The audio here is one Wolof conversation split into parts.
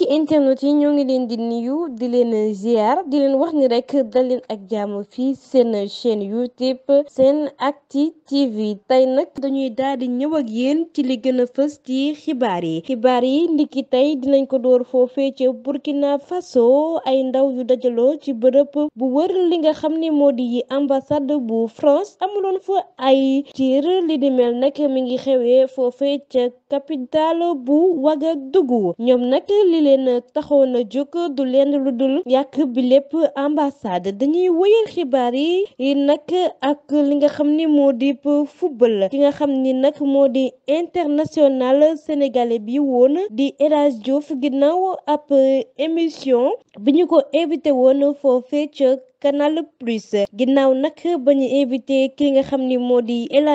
mbokki internet yi ñoo ngi leen di nuyu di leen ziar di leen wax ni rek daleen ak jàmm fii seen chaîne youtube seen acti tv tey nag dañuy daal di ñëw yéen ci li gëna fës ci xibaar yi xibaar yi ndiki tey dinañ ko door foofee ci burkina faso ay ndaw yu dajaloo ci bërëb bu wër li nga xam ni moo di ambassade bu france amuloon fa ay tiir li di mel nag mi ngi xewee foofee ca capitale bu wagadugu ñoom nag li leen taxoon a jóg du leen lu dul yàq bi lépp ambassade dañuy wëyal xibaar yi nag ak li nga xam ni moo di football ki nga xam ni nag moo di international sénégalais bi woon di El Hadj ginnaaw ab émission bi ñu ko invité woon foofee ca Canal Plus ginnaaw nag ba ñu invité ki nga xam ni moo di El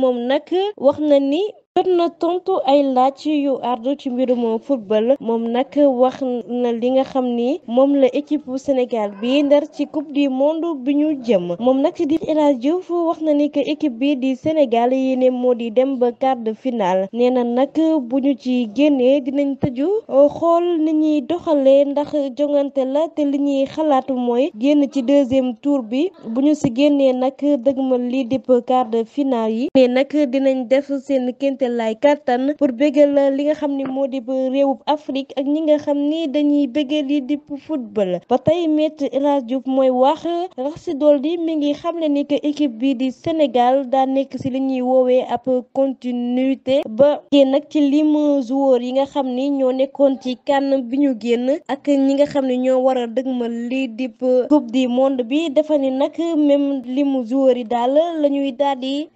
moom nag wax na ni yëkkat na tontu ay laaj yu ardu ci mbirum football moom nag wax na li nga xam ni moom la équipe bu Sénégal bi ndar ci coupe du monde bi ñu jëm moom nag di El Hadj Diouf wax na ni que équipe bi di Sénégal yéene moo di dem ba quart de finale nee na nag bu ñu ci génnee dinañ tëju xool ni ñuy doxalee ndax jongante la te li ñuy xalaatu mooy génn ci deuxième tour bi bu ñu si génnee nag dëgmal lii di quart de finale yi ne nag dinañ def seen kénte laay kàttan pour bégal li nga xam ni moo di ba réewub Afrique ak ñi nga xam ni dañuy bégal yi di football ba tey maître El Hadj mooy wax rax si dool di mi ngi xamle ni que équipe bi di Sénégal daa nekk si li ñuy woowee ab continuité ba génn nag ci lim joueur yi nga xam ni ñoo nekkoon ci kan bi ñu génn ak ñi nga xam ne ñoo war a dëgmal lii di coupe du monde bi dafa ni nag même limu joueur yi daal la ñuy daal di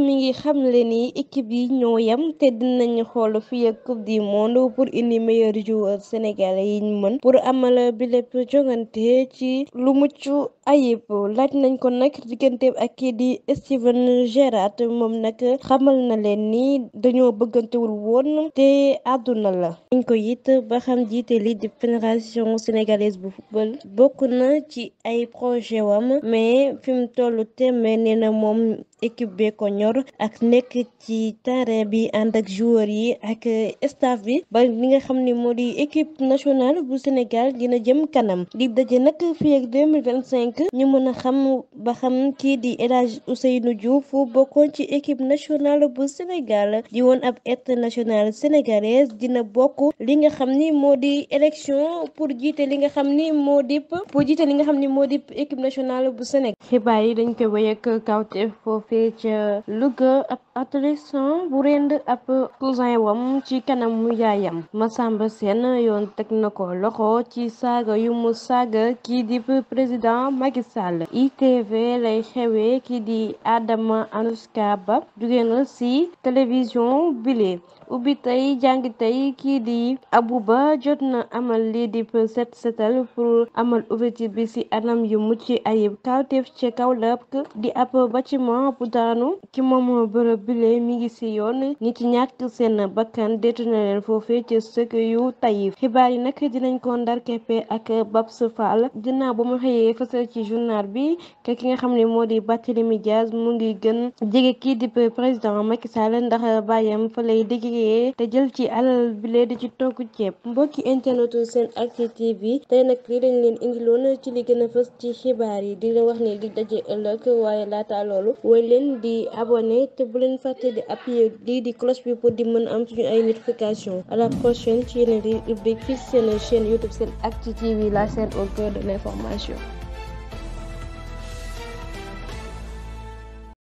mi ngi xam fàttali ni équipe yi ñoo yem te dinañu xool fii ak coupe du monde pour indi meilleur joueur sénégalais yi ñu mën pour amal bi lépp jongante ci lu mucc ayib laaj nañ ko nag diggante ak kii di Steven Gerrard moom nag xamal na leen ni dañoo bëggantewul woon te àdduna la. dañ ko it ba xam jiite lii di fédération sénégalaise bu football bokk na ci ay projet wam mais fi mu toll tembe moom. équipe bee ko ñor ak nekk ci terrain bi ànd ak joueur yi ak staff bi ba li nga xam ni moo di équipe nationale bu Sénégal dina jëm kanam di daje nag fii ak 2025 ñu mën a xam ba xam kii di El Hadj Ousseynou Diouf bokkoon ci équipe nationale bu Sénégal di woon ab internationale sénégalaise dina bokk li nga xam ni moo di élection pour jiite li nga xam ni moo di pour jiite li nga xam ni moo dip équipe nationale bu Sénégal xibaar yi dañ koy wéy ak kawteef foofu foofee ca euh, Louga ab adolescent bu rend ab cousin wam ci kanamu yaayam Massamba Sène yoon teg na ko loxo ci saaga yu mu saaga kii di président Macky Sall ITV lay xewee kii di Adama Anouska Ba jugee na si télévision bile ubbi tey jàngi tey kii di abuba jot na amal lii di set setal pour amal ouverture bi ci anam yu mucc ayib kawteef ca Kaolack di ab bâtiment bu daanu ci moomoo bërëb bile mi ngi si yoon nit ñàkk seen bakkan détourné leen foofee ci sëkk yu tayif xibaar yi nag dinañ ko ndar keppe ak Babs Fall ginnaaw ba mu xëyee fësal ci journal bi ke ki nga xam ne moo di Barthélémy Dias mu ngi gën jege kii di président Macky Sall ndax bàyyam fa lay liggéeyee te jël ci alal bile di ci togg ceeb mbokki internet seen activité bi tey nag leen dañ leen indiloon ci li gën a fës ci xibaar yi di la wax ne di daje ëllëg waaye laata loolu leen di abonné te bu leen fàtte di appuyer lii di cloche bi pour di mën am suñu ay notification à la prochaine ci yeneen rubrique fii seen chaîne YouTube SENactu TV la chaîne au cœur de l'information